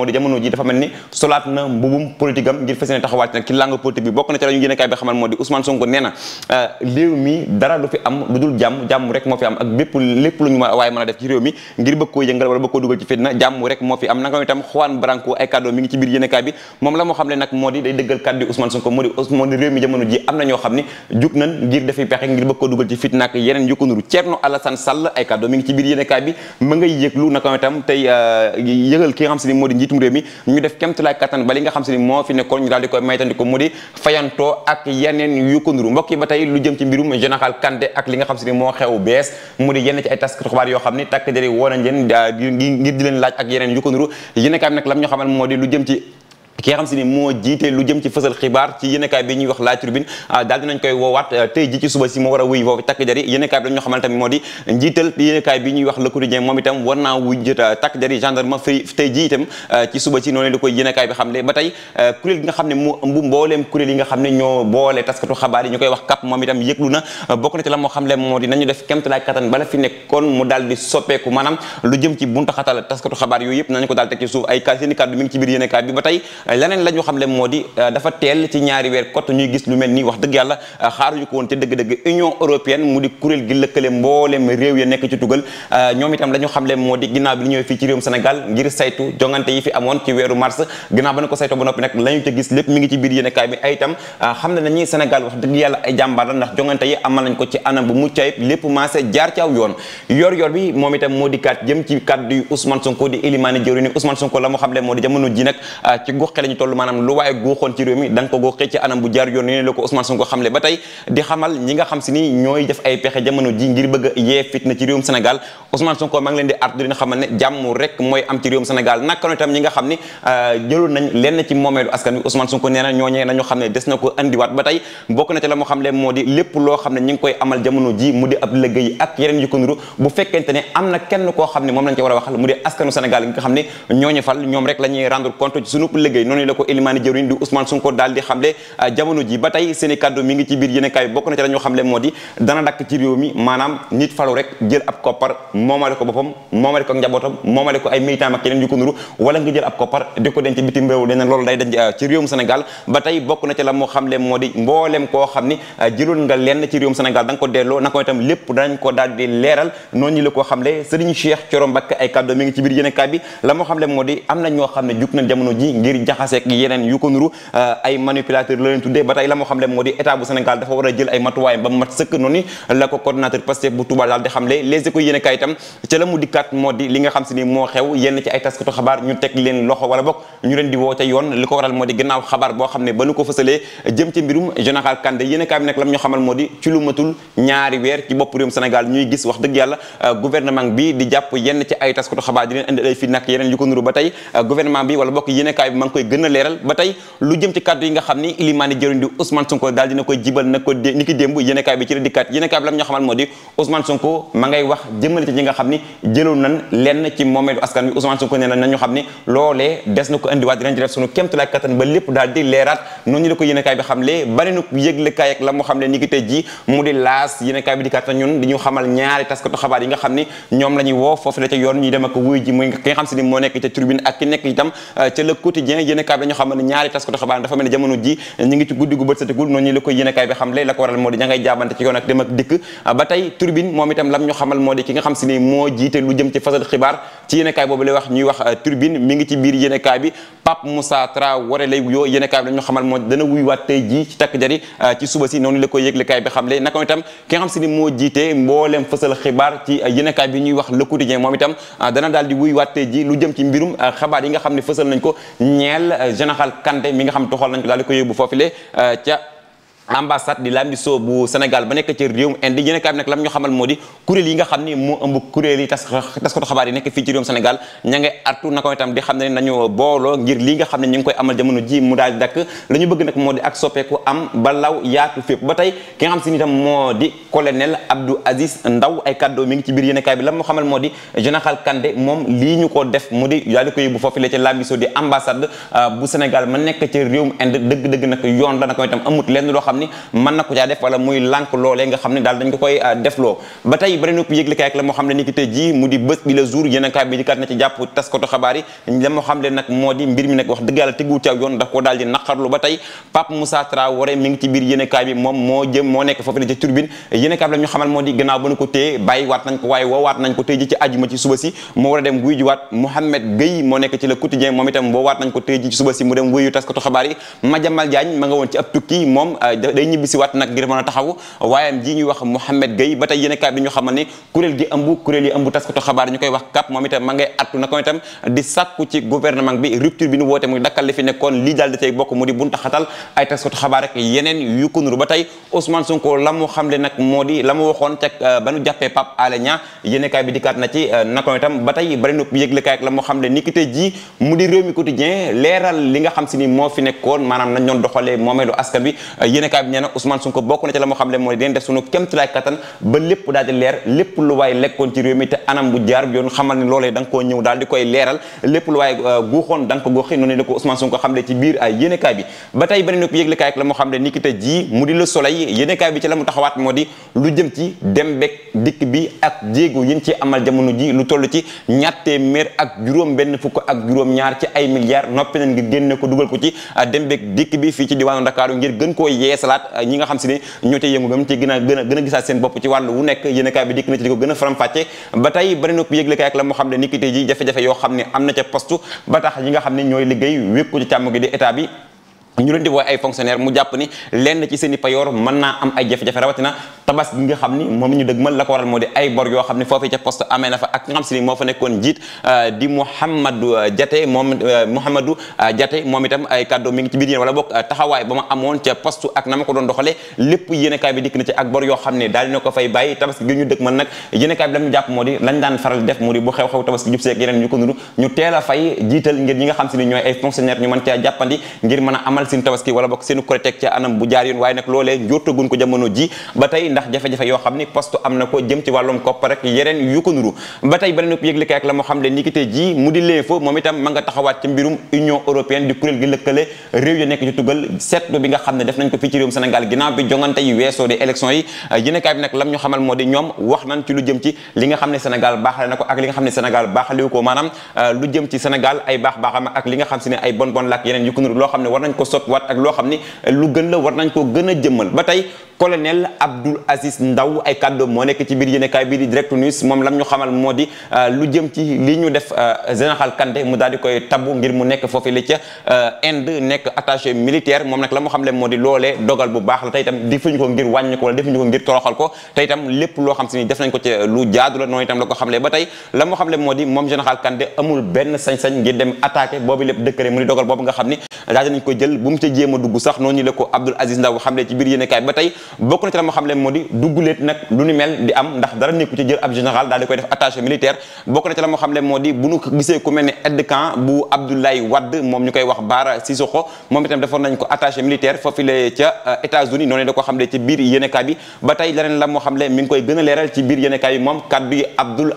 moo di ni solaat na mbubum politique am ngir fas yéene taxawaat nag na ci la ñu yéene bi xamal moo di euh, ñu waaye bi moom moo di day dëggal moo di réew mi jamono ji am na ñoo xam ne jug nañ ngir defi pexe ngir bëgg koo dugal ci fitna yeneen yu ko nuru Thierno Alassane ay kàddu mi ngi ci biir yéenekaay bi ma ngay yëglu naka itam tey euh, yëgal ki xam si ni moo di njiitum réew ñu def kémtalaay kattan ba li nga xam moo fi nekkoon ñu daal di koy maytandi mu di fayantoo ak yeneen yu ko ba tey lu jëm mbirum général Kandé ak li nga xam moo xew bees mu di yenn ci ay taskatu xibaar yoo xam ni tàkk jëri woo nañ leen ngir di laaj ak yeneen yu ko nuru lam ñu xamal moo lu jëm ki nga xam si ni moo jiite lu jëm ci fësal xibaar ci yéenekaay ñuy wax La Tribune ah, daal dinañ koy woowaat euh, tey ji ci suba si moo war a wuy woowu takk jari yéenekaay bi koy wax CAP moom itam yëglu na euh, bokk na ci xam ne moo nañu def kemt laay bala fi nekkoon mu daal di soppeeku maanaam lu jëm ci buntu xatal taskatu xabaar yooyu yëpp nañu ko daal teg ci suuf ay seen kàddu mi ngi ci biir yéenekaay ba tey leneen la ñu xam le moo di euh, dafa teel ci ñaari weer kott ñuy gis lu mel nii wax dëgg yàlla euh, xaaruñu ko woon te dëgg-dëgg union européenne mu di kuréel gi lëkkale mboolem réew ya nekk ci tugal euh, ñoom itam la moo di ginnaaw bi ñëwee fii ci réewum Sénégal ngir saytu jongante yi fi amoon ci weeru mars ba ko sayto ba noppi nag la ñu ca gis lépp mi ngi ci biir yéenekaay bi ay itam xam ne nañuy Sénégal ko ci anam bu mucc ayib lépp maase jaar ci yoon yor yor bi moom itam moo di kaat jëm ci kàddu Ousmane Sonko di Elimane Diori ni Ousmane Sonko la mu xam moo di jamono ji nag ci gox la ñu toll maanaam lu waaye góoxoon ci réew mi da nga ko góoxee ci anam bu jaar yoon ne la ko Ousmane Sonko xamle ba tey di xamal ñi nga xam si ni ñooy def ay pexe jamono ji ngir bëgg a yee fitna ci réewum Sénégal Ousmane Sonko maa ngi leen di artu dina xamal ne jàmm rek mooy am ci réewum Sénégal naka noonu itam ñi nga xam ni euh, jëloon nañ lenn ci moomeelu askan wi Ousmane Sonko nee na ñooñee nañu xam ne des na ko andiwaat ba tey bokk na ci la moo xam le moo di lépp loo xam ne ñi ngi koy amal jamono ji mu di ab liggéey ak yeneen yu ko nuru bu fekkente ne am na kenn koo xam ne moom lañ ci war a waxal mu di askanu Sénégal yi nga xam ne ñooñu fal ñoom rek la ñuy rendre compte ci sunu liggéey noonu la ko Elimani Jëwriñ di Ousmane Sonko daal di xamle euh, jamono ba tey seen i kàddu ci biir yéenekaay la moo koo xam ni euh, jëloon nga da ko delloo na ko itam lépp am na ñoo ne jug na jamono ngir jax jaxaseeg yeneen yu ko nuru euh, ay manipulateur la leen tuddee ba tey la moo xam le moo di état bu Sénégal dafa war a jël ay matuwaay ba mat sëkk noonu la ko coordinateur Pastef bu Touba daal di xam a leen leen di ba nu ko a euh, euh, bi wala bokk yéen a kaay koy gën a leeral ba tey lu jëm ci kàddu yi nga xam ni ilimaani jëriñ di Ousmane Sonko daal dina koy jibal ni ki démb yéenekaay bi ci la dikkaat yéenekaay bi kattan ba lépp daal leeraat noonu la ko yéenekaay bi xamle banenu yëglekaay ak la mu xamle ni ki tey ji mu di laas yéenekaay bi dikkaat na ñun di xamal ñaari taskatu xabaar yi nga xam ni ñoom la woo foofu la ca yoon ñuy dem ak wuy ji muy ki xam si ni moo nekk ca tribune ak ki nekk itam euh, ca le yéenekaay bi dañu xam ne ñu ngi moo di ñu xamal moo di ki nga moo jiite lu euh, xamal moo dana dana wuy waat ji lu jëm ci mbirum euh, xabaar yi nga xam ne fësal nañ ko ñeel ñeel général Kandé mi nga xam te xool nañ ko daal di ko yóbbu foofule euh, ca ambassade di Lambiso bu Sénégal ba nekk ci réewum Inde yéen a kaay bi nag lam ñu xamal moo di kuréel yi nga xam ni moo ëmb kuréel yi tas taskatu xabaar yi nekk fii ci réewum Sénégal ña ngay artu na ko itam di xam ne nañu booloo ngir li nga xam ne ñu ngi koy amal jamono ji mu daal di dakk la ñu bëgg nag moo di ak soppeeku am ba law yaatu fépp ba tey ki nga xam si ni itam moo di colonel Abdou Aziz Ndaw ay kàddoo mi ngi ci biir yéen a kaay bi lam mu xamal moo di général Kandé moom lii ñu ko def mu di daal di ko yóbbu foofu la ca Lambiso di ambassade euh, bu Sénégal ma nekk ci réewum Inde dëgg-dëgg nag yoon la na ko itam amut lenn loo xam ni mën euh, moo di mbir mi nag wax dëgg yàlla teguwul yoon daf ko daal di naqarlu ba tey Pape Moussa Traoré mi ngi ci biir yéenekaay moom moo jëm moo nekk foofu ne ca turbine yéenekaay bi xamal moo di ba nu ko téye bàyyi waat nañ ko waaye woowaat nañ ko tey ji ci ajuma ci suba si moo war dem wuy juwaat Mohamed Gueye moo nekk ci le quotidien moom itam woowaat nañ ko tey ji ci suba si mu dem wuyu taskatu xabaar yi Madiambal Diagne joxe day ñibbisi waat nag ngir mën a taxaw waayam ji ñuy wax Mouhamed Gueye ba tey yéenekaay bi ñu xamal ni kuréel gi ëmb kuréel yi ëmb taskatu xabaar ñu koy wax CAP moom itam moo di la waxoon euh, ba nu jàppee Pape Alé Niang yéenekaay bi dikkaat na ci euh, na ko itam ba tey bari nu yëglekaay ak la mu ni ki tey ji mu di réew mi quotidien leeral li nga xam si ni moo fi nekkoon maanaam nañ doon doxalee moomeelu askan bi yéenekaay bi nee na Ousmane Sonko bokk na ci la moo xam ne mooy dinañ def sunu kémtulaay kattan ba lépp daal di leer lépp lu waay lekkoon ci réew mi te anam bu jaar yoon xamal ni loolee da nga ñëw daal di koy leeral lépp lu waay euh, guuxoon da ko goxi noonu la ko Ousmane Sonko ci biir ay euh, yéenekaay bi ba tey beneen ko yëglekaay ak la moo xam ne ni ki te ji mu di Le Soleil yéenekaay bi ci la mu taxawaat moo di lu jëm ci dem dikk bi ak jéego yéen ci amal jamono fukk ak juróom ñaar ci ay milliards noppi nañ ngir génne ko dugal euh, bi fii ci diwaanu Dakar ngir gën koo yees yeesalaat euh, ñi nga xam si ne ñoo ca yëngu bam ci gën a gën a gën a gisaat seen bopp ci wàllu wu nekk yéenekaay bi dikk na ci di gën a faram-fàcce ba tey bari na ko yëglekaay ak la xam ne ni ki tey ji jafe-jafe yoo xam ne am na ca poste ba tax ñi nga xam ne ñooy liggéey wékku ci càmm gi di état bi ñu leen di wooy ay fonctionnaire mu jàpp ni xam ni moom ñu dëgmal la ko waral yoo xam ne foofee ca poste amee na fa ak nga xam si ni moo fa nekkoon jiit euh, di Mouhamadou euh, euh, na ko doon doxalee lépp yéenekaay bi dikk yoo xam ne daal dina ko fay bàyyi nag ñu daan faral def moo di bu xew-xew tabas gi jub seeg yeneen ñu ko ñu teel a fay jiital ngir ñi nga xam si ni ñooy fonctionnaire ñu mën caa jàppandi ngir mën a amal seen tabaski wala bokk seenu korite ca anam bu jaar yoon waaye nag loolee njortagun ko jamono ji ba tey ndax jafe-jafe yoo xam ni poste am na ko jëm ci wàllum ko nuru ba euh, yeneen yu loo xam ne war nañ ko sot waat ak loo xam ni lu gën la war nañ koo gën a jëmmal ba tey colonel Abdoul Aziz Ndaw ay kàddu moo nekk ci biir yéenekaay bi di Direct News moom lam ñu xamal moo di euh, lu jëm ci li ñu def euh, général Kandé mu daal di koy tabbu ngir mu nekk foofu li ca euh, Inde nekk attaché militaire moom nag la mu xam le moo di loolee dogal bu baax la tey itam defuñu ko ngir wàññi ko wala defuñu ko ngir itam lépp loo xam si ni def nañ ko ci lu jaadu la noonu itam la ko xamle ba tey la mu xamle moo di moom général kande amul benn sañ-sañ ngir dem attaqué boobu lépp dëkkëre mu di dogal boobu nga xam ni daal dinañ ko jël bu mu ca a dugg sax noonu la ko Abdoul Aziz Ndaw xamle ci biir yéenekaay ba tey bokk na ci la moo xam ne moo di dugguleet nag lu ni mel di am ndax dara nekku jël ab général daal koy def attaché militaire bokk na ci la moo xam bu nu gisee ku mel ne bu Abdoulaye Wade moom ñu koy wax Bara Sissoko moom itam nañ ko attaché militaire foofu ca euh, États-Unis noonu da ko xam ci biir yéenekaay ba tey la moo xam ne mi koy gën leeral ci biir yéenekaay moom kaddu yi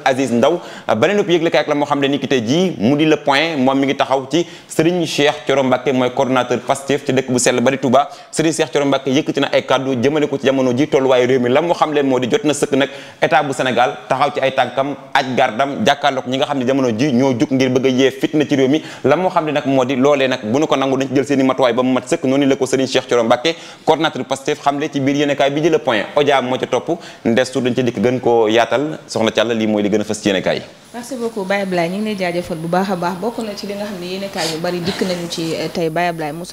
Aziz Ndaw beneen ëpp yëgle kaay la moo xam ne ni jëmale ko ci jamono ji tolluwaayu réew mi la mu xam leen moo di jot na sëkk nag état bu Sénégal taxaw ci ay tànkam aj gardam jàkkaarloog ñi nga xam ne jamono ji ñoo jug ngir bëgg yee fitna ci réew mi la moo xam ne nag moo di loolee nag bu nu ko nangu dañ ci jël seen i ba mu mat sëkk noonu la ko Serigne Cheikh Thioro Mbacké coordinateur Pastef xam le ci biir yéenekaay bi jël point Odia moo ca topp ndes tur dañ ca dikk gën koo yaatal soxna Thialla lii